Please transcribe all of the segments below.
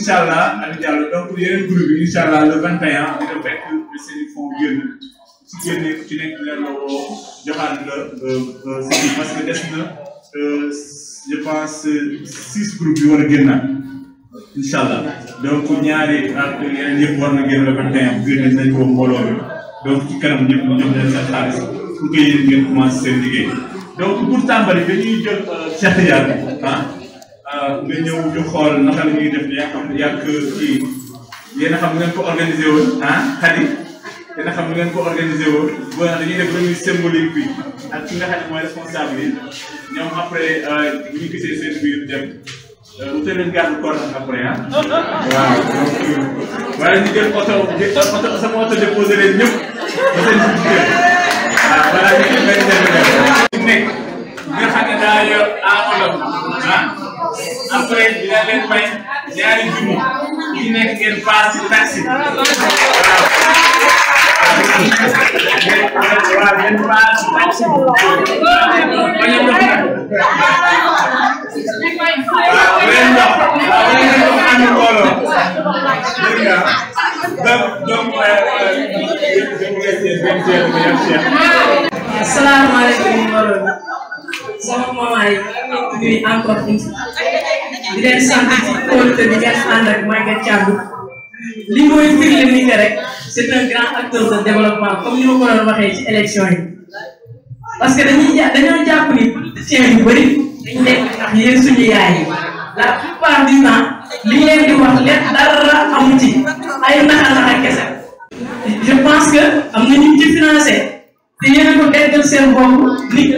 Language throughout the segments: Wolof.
incha allah Aliou Diallo donc yeneen groupe yi dina fekk seen i génn su génnee ku nekk dina la woo joxaat la seen parce que des na euh, je pense six groupes yu war a génnaat incha allah donc ñaari ak yeneen yëpp war na génn le 21 génne nañ ko mbooloo bi donc ci kanam ñëpp ñoom leen seen xaalis pour que yéen ngeen commencé seen liggéey donc pour tàmbali dañuy jël euh, Cheikh Tidiane ah. nga ñëw ñu xool naka la ñuy def ne yaa xam ne yàgg kii a xam ngeen ko organisé woon ah xadi a xam ngeen ko organisé woon bu dañuy def remise symbolique bi ak a nga xam ne mooy responsable yi ñoom après euh, bu ñu gisee seen biir dem euh, wute leen garde corps après ah. waaw donc euh, waaye ñu jël oto jël oto sama oto déposé leen ñëpp ba seen tey dinaa leen may ñaari junni yi nekk ngeen paas ci taxi waaw waaw ngeen paas ci taxi waaw leen ndox waaw leen ndox am mbooloo dégg nga donc donc asalaamaaleykum mbooloo sama maman yi ñuy encore di leen sant ci kóolute bi ngeen ànd ak Maguette li mooy firnde ni rek c'est un grand acteur de développement comme ni ma ko doon waxee ci élection yi parce que dañuy ja dañoo jàpp ni politiciens yu bëri dañ nekk ndax yaay la plupart li ngeen di wax lépp dara amu ci ay naxa naxa kese je pense que am na ñu ci financé te yéen a ko déggal seen bopp ni que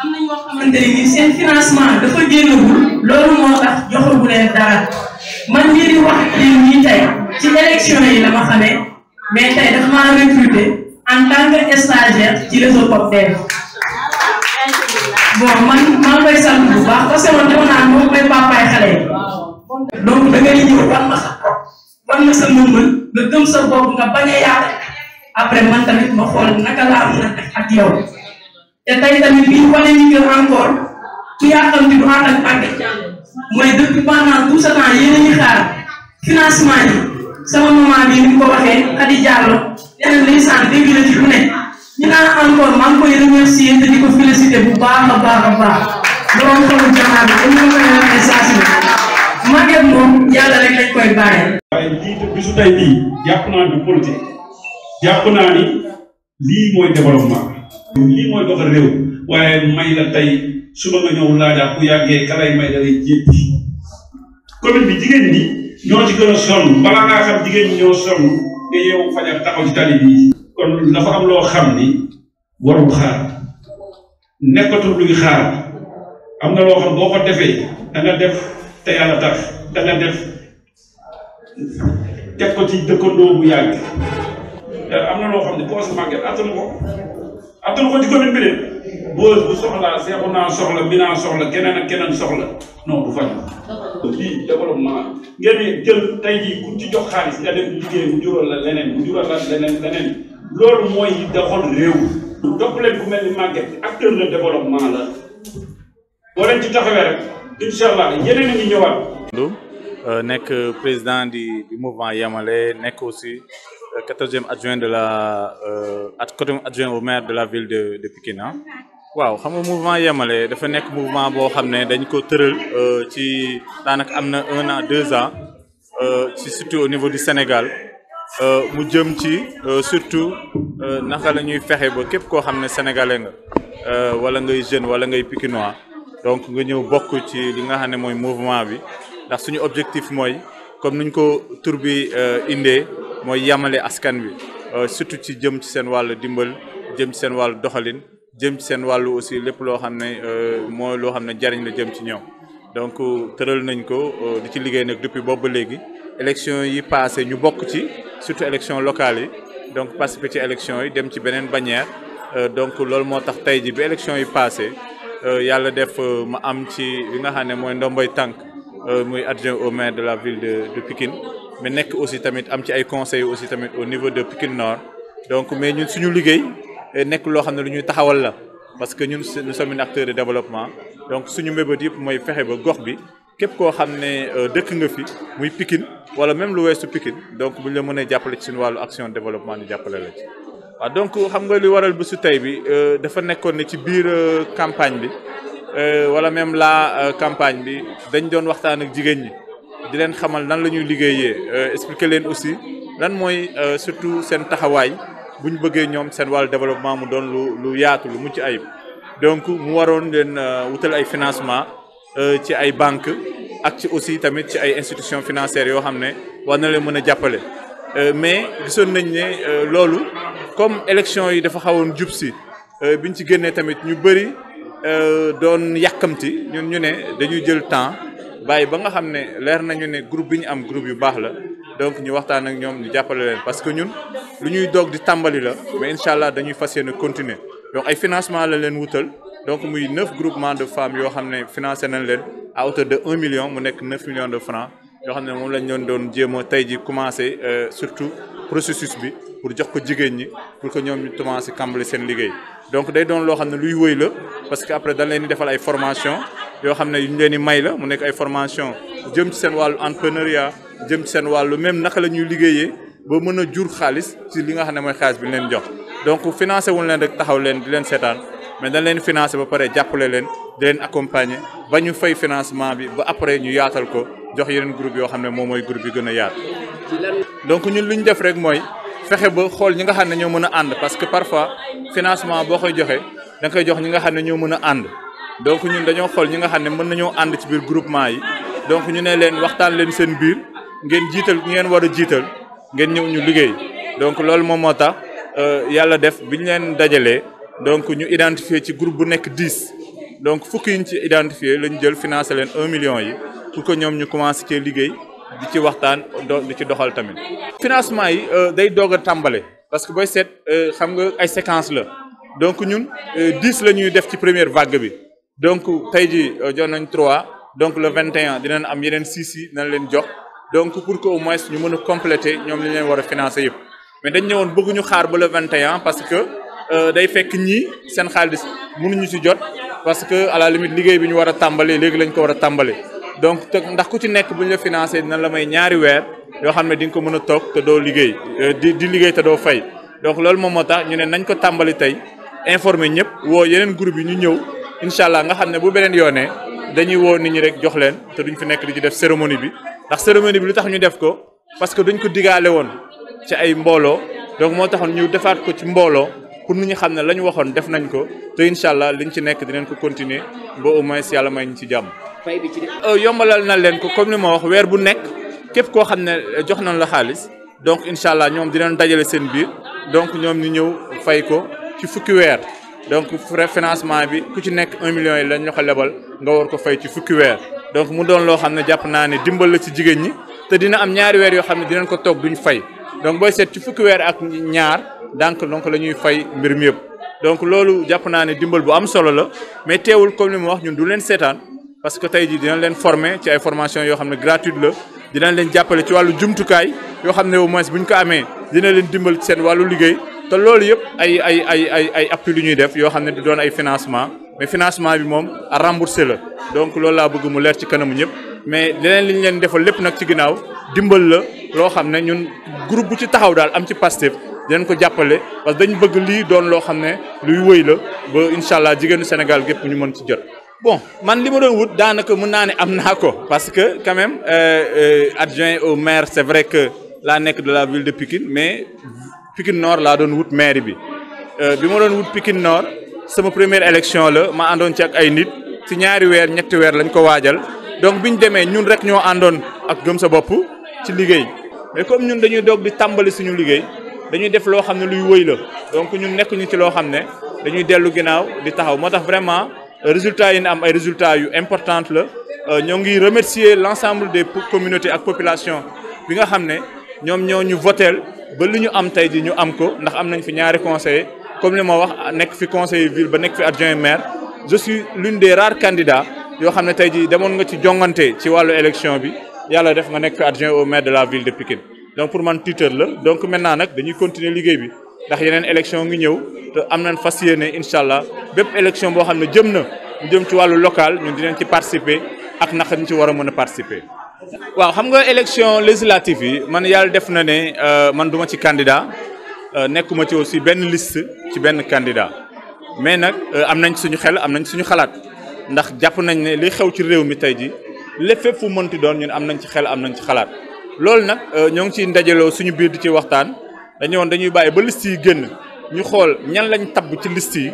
am nañu wax xamante ne nii seen financement dafa génnagul loolu moo tax joxagu leen dara man mii wax ak yéen ñii ci élection yi la ma xamee mais tey dafa maa recruter en tant que ci réseau Popdev bon man maa ngi koy sant baax parce que man dama naan papaay xale yi donc da ngay ñëw ma sa ma sa mën-mën nga sa bopp nga bañ a après man tamit ma xool naka laa mën a def yow. te tey tamit bi ñu wane ni que encore ku yàqam di du ànd ak paquet mooy depuis pendant tout ce temps yéen a ngi xaar financement yi sama maman bi ni ko waxee Khady Diallo nee na ndeysaan dégg na ci lu ne ñu naan encore maa koy remercier te moom yàlla rek lañ koy bàyyi. waaye lii bisu tey jàpp naa ni politique jàpp naa ni lii mooy développement. lii mooy doxal réew waaye may la tey suba nga ñëw laajaa ku yàggee ka may da lay jéppi commune bi jigéen ñi ñoo ci gën a sonn balaa ngaa xam jigéen ñoo sonn nga yeewu fajar taxaw ci tali bi kon dafa am loo xam ni warul xaar nekkatul luy xaar am na loo xam boo ko defee da nga def ko ci dëkkandoo bu yàgg na loo xam ne poche màgget ko Abdoul Khouti commune bi de boos bu soxlaa seexu naa soxla binaa soxla keneen ak keneen soxla non faj lii développement ngeen jël jii ku ci jox xaalis nga dem liggéey mu jural la leneen mu jural la leneen loolu mooy doxal réew topp leen ku mel ni Maguette acteur de développement la boo ci taxawee rek incha allah yeneen a ñëwaat euh, nekk président di du mouvement Yamale nekk aussi quatorzième adjoint de la euh, quatorzième adjoint au maire de la ville de de Pikine ah. waaw xam nga mouvement Yemale dafa nekk mouvement boo xam ne dañ ko tëral euh, ci daanaka am na un an deux ans euh, ci surtout au niveau du Sénégal mu jëm ci surtout naka lañuy ñuy fexe ba képp koo xam ne sénégalais nga wala ngay jeune wala ngay pikinois donc nga ñëw bokk ci li nga xam ne mooy mouvement bi ndax suñu objectif mooy comme nuñ ko tur bi indee. mooy yamale askan wi euh, surtout ci jëm ci seen wàllu dimbal jëm ci seen wàllu doxalin jëm ci seen wàllu aussi lépp loo xam ne euh, mooy loo xam ne jariñ la jëm ci ñoom donc euh, tëral nañ ko di ci liggéey nag depuis boobu ba léegi élection yi passé ñu bokk ci surtout élection locale yi donc participer ci élection yi dem ci beneen bannière donc loolu moo tax tey ji bi élection yi passé yàlla def ma am ci li nga xam ne mooy ndombay tànk muy adjoint au maire de la ville de de mais nekk aussi tamit am ci ay conseils aussi tamit au niveau de Pikine Nord donc mais ñun suñu liggéey eh, nekk loo xam ne lu ñuy taxawal la parce que ñun seen sommes un acteur de développement donc suñu mbébét yëpp mooy fexe ba gox bi képp koo xam ne euh, dëkk nga fi muy Pikine wala même lu su pickin donc bu ñu la mënee jàppale ci suñu wàllu action développement ñu jàppale la ci. waaw donc xam nga li waral bésu tey bi euh, dafa nekkoon ne ci biir euh, campagne bi wala même la campagne bi dañ doon waxtaan ak jigéen ñi. di leen xamal nan la ñuy liggéeyee euh, expliquer leen aussi lan mooy euh, surtout seen taxawaay bu ñu bëggee ñoom seen wàllu développement mu doon lu lu yaatu lu mucc ayib. donc mu waroon leen euh, wutal ay financement ci ay banque ak ci aussi tamit ci ay institutions financières yoo xam ne war na leen mën a jàppale. mais gisoon nañ ne loolu comme élection yi dafa xawoon jub si biñ ci génnee tamit ñu bëri doon yàkkamti ñun ñu ne dañuy jël temps. bàyyi ba nga xam ne leer nañu ne groupe bi ñu am groupe yu baax la donc ñu waxtaan ak ñoom ñu jàppale leen parce que ñun lu ñuy doog di tàmbali la mais incha allah dañuy fas yéene continuer donc ay financement la leen wutal donc muy groupement de femmes yoo xam ne financé nañ leen à hauteur de un million mu nekk neuf millions de francs yoo xam ne moom lañ doon doon jéem a tey ji commencé euh, surtout processus bi pour jox ko jigéen ñi pour que ñoom ñu commencé kàmbale seen liggéey donc day doon loo yoo xam ne yu ñu leen di may la mu nekk ay formation jëm ci seen wàllu entrepreneuriat jëm ci seen wàllu même naka la ñuy liggéeyee ba mën a jur xaalis ci li nga xam ne mooy xaalis bi leen jox. donc financé wuñ leen rek taxaw leen di leen seetaan mais dañ leen financé ba pare jàppale leen di leen accompagner ba ñu fay financement bi ba après ñu yaatal ko jox yeneen groupe yoo xam ne moom mooy groupe yi gën a yaatu. donc ñun li ñu def rek mooy fexe ba xool ñi nga xam ne ñoo mën a ànd parce que parfois financement boo koy joxe da koy jox ñi nga xam ne ñoo mën a ànd. donc ñun dañoo xool ñi nga xam ne mën nañoo ànd ci biir groupement yi donc ñu ne leen waxtaan leen seen biir ngeen jiital ngeen war a jiital ngeen ñëw ñu liggéey donc loolu moom moo tax euh, yàlla def bi ñu leen dajalee donc ñu identifier ci groupe bu nekk 10 donc fukki yi ñu ci identifier la ñu jël financé leen un million yi pour que ñoom ñu commencé cee liggéey di ci waxtaan di ci doxal tamit. financement yi euh, day doog a tàmbale parce que booy seet euh, xam nga ay séquence la donc ñun 10 la ñuy def ci première vague bi. donc tey jii euh, jox nañ trois donc le vingt et un dinañ am yeneen six yi dinañ leen jox donc pour que au moins ñu mën a compléter ñoom li leen war a financer yëpp mais dañ ñëwoon bëgguñu xaar ba le vingt et un parce que euh, day fekk ñii seen xaalis munuñu ci jot parce que à la liggéey bi ñu war a tàmbalee léegi lañ ko war a tàmbalee donc teg ndax ku ci nekk bu ñu la financé dina la may ñaari weer yoo xam ne di nga ko mën a toog te doo liggéey euh, di di liggéey te doo fay donc loolu moom moo tax ñu ne nañ ko tàmbali tey informer ñëpp woo yeneen groupe yi ñu ñëw incha allah nga xam ne bu beneen yoonee dañuy woo ni ñi rek jox leen te duñ fi nekk di ci def cérémonie bi ndax cérémonie bi lu tax ñu def ko parce que dañ ko digaale woon ci ay mbooloo donc moo taxoon ñu defaat ko ci mbooloo pour nit ñu xam ne la ñu waxoon def nañ ko te incha allah liñ ci nekk dinañ ko continuer ba au moins yàlla may ñu ci jàmm. Euh, yombalal na leen ko comme ni ma wax weer bu nekk képp koo xam ne jox nañ la xaalis donc incha allah ñoom dinañ dajale seen biir donc ñoom ñu ñëw fay ko ci fukki weer. donc frais financement bi ku ci nekk un million yi lañ la ko lebal nga war ko fay ci fukki weer donc mu doon loo xam ne jàpp naa ne dimbal la ci jigéen ñi te dina am ñaari weer yoo xam ne dinañ ko toog ñu fay donc booy seet ci fukki weer ak ñaar donc donc la ñuy fay mbir mi yëpp. donc loolu jàpp naa ne dimbal bu am solo la mais teewul comme li mu wax ñun du leen seetaan parce que tey jii dinañ leen former ci ay formation yoo xam ne gratuite la dinañ leen jàppale ci wàllu jumtukaay yoo xam ne au moins bu ñu ko amee dina leen dimbal ci seen wàllu liggéey. te loolu yëpp ay ay ay ay ay appui lu ñuy def yoo xam ne du doon ay financement mais financement bi moom à rembourser la donc loolu laa bëgg mu leer ci kanamu ñëpp mais leneen li ñu leen defal lépp nag ci ginnaaw dimbal la loo xam ne ñun groupe bu ci taxaw daal am ci Pastef dinañ ko jàppale parce que dañu bëgg lii doon loo xam ne luy wëy la ba incha allah jigéenu Sénégal gépp ñu mën ci jot. bon man li ma wut daanaka mun naa ne am na ko parce que quand même euh, euh, adjoint au maire c'est vrai que laa nekk de la ville de Pikine mais. Pikine Nord laa doon wut maire bi euh, bi ma doon wut Pikine sama première élection la ma àndoon ci ak ay nit ci ñaari weer ñetti weer lañ ko waajal donc bi ñu demee ñun rek ñoo àndoon ak gëm sa bopp ci liggéey mais comme ñun dañuy doog di tàmbali suñu liggéey dañuy def loo xam ne luy wëy la donc ñun nekk ñu ci loo xam ne dañuy dellu ginnaaw di taxaw moo tax vraiment euh, résultats yi ñu am ay résultats yu importante la euh, ñoo ngi remercier l'ensemble des communautés ak population bi nga xam ne ñoom ñoo ba lu ñu am tey ji ñu am ko ndax am nañ fi ñaari conseiller comme li ma wax nekk fi conseiller ville ba nekk fi adjoint maire je suis l'une des rares candidats yoo xam ne tey jii demoon nga ci jongante ci wàllu élection bi yàlla def nga nekk adjoint au maire de la ville de Pikine donc pour man tuteur la donc maintenant nag dañuy continuer liggéey bi ndax yeneen élection ngi ñëw te am nañ fas yéene incha allah bépp élection boo xam ne jëm na jëm ci wàllu local ñun dinañ ci participer ak naka ñu ci war a mën a participer. waaw xam nga élection législative yi man yàlla def na ne euh, man duma ci candidat euh, nekkuma ci aussi benn list ci benn candidat mais nag euh, am nañ suñu xel am nañ suñu xalaat ndax jàpp nañ ne li xew ci réew mi tey ji lépp fépp fu mënti doon ñun am nañ ci xel am nañ ci xalaat loolu nag ñoo ngi ciy ndajaloo suñu biir di ci waxtaan dañu woon dañuy bàyyi ba list yi génn ñu xool ñan lañ tabb ci liste yi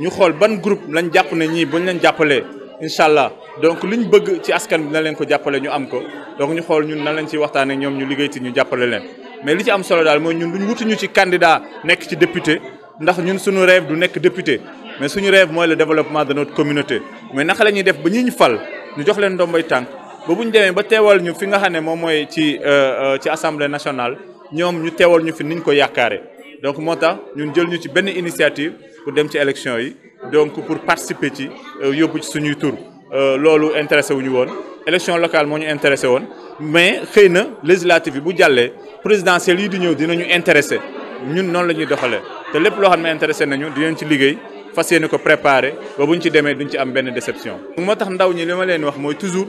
ñu xool ban groupe lañ jàpp ne ñii buñ lañ jàppalee incha allah donc ñu bëgg ci askan bi na leen ko jàppale ñu am ko donc ñu xool ñun nan lañ ci waxtaan ñoom ñu liggéey ci ñu jàppale leen mais li ci am solo daal mooy ñun ñu wutuñu ci candidat nekk ci député ndax ñun suñu rêve du nekk député mais suñu rêve mooy la développement de notre communauté mais naka la def ba ñi ñu fal ñu jox leen ndombay tànk ba bu ñu demee ba teewal ñu fi nga xam ne moom mooy ci euh, euh, ci assemblée nationale ñoom ñu teewal ñu fi niñ ko yaakaare donc moo tax ñun jël ñu ci benn initiative pour dem ci élection yi donc pour participer ci euh, yóbbu ci suñuy tur euh, loolu intéressé wuñu woon élection locale moo ñu intéressé woon mais xëy na législative yi bu jàllee présidentielle yi di ñëw dinañu intéressé ñun noonu la ñuy doxalee te lépp loo xam ne intéressé nañu dinañ ci liggéey fa yéene ko préparé ba buñ ci demee duñ ci am benn déception. moo tax ndaw ñi li ma leen wax mooy toujours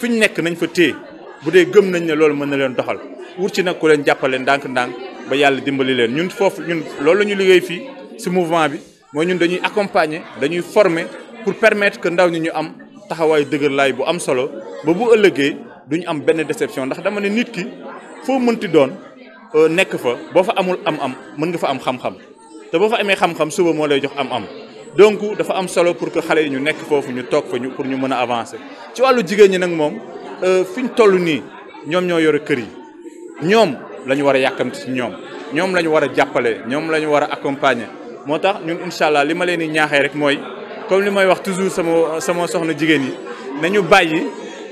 fi ñu nekk nañ fa téye bu dee gëm nañ ne loolu mën na leen doxal wut ci nag ku leen jàppale ndànk yàlla dimbali leen ñun foofu ñun loolu la ñu liggéey fii si mouvement bi. mooy ñun dañuy accompagner dañuy former pour permettre que ndaw ñi ñu am taxawaayu dëgër laay bu am solo ba bu ëllëgee du ñu am benn déception ndax dama ne nit ki foo mënti doon euh, nekk fa boo fa amul am-am mën nga fa am xam-xam te boo fa amee xam-xam suba moo lay jox am-am donc dafa am solo pour que xale yi ñu nekk foofu ñu toog fa ñu pour ñu mën a avance ci wàllu jigéen ñi nag moom euh, fi ñu toll nii ñoom ñoo yore kër yi ñoom la ñu war a yàkkamti si ñoom ñoom la ñu war a jàppale ñoom la ñu war a accompagner. moo tax ñun incha allah li ma leen di ñaaxee rek mooy comme li may wax toujours sama sama soxna jigéen yi nañu bàyyi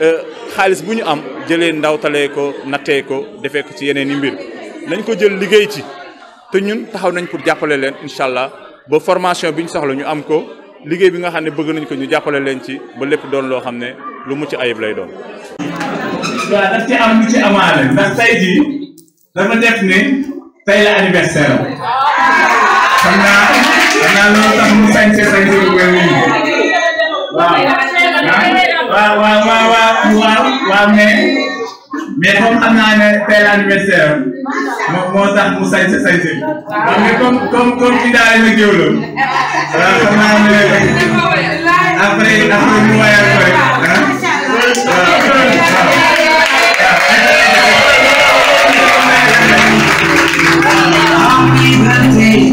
euh, xaalis bu ñu am jëlee ndawtalee ko nattee ko defee ko ci yeneen i mbir nañ ko jël liggéey ci te ñun taxaw nañ pour jàppale leen incha allah ba formation bi ñu soxla ñu am ko liggéey bi nga xam ne bëgg nañ ko ñu jàppale leen ci ba lépp doon loo xam ne lu mucc ayib lay doon. xam naa xam tax mu sañse sañse bu mel nii waaw waaw waaw waaw waaw xam naa ne tey moo tax mu sañse sañse waaw comme comme comme ci daara la xam naa ne après après mu wayal Happy birthday,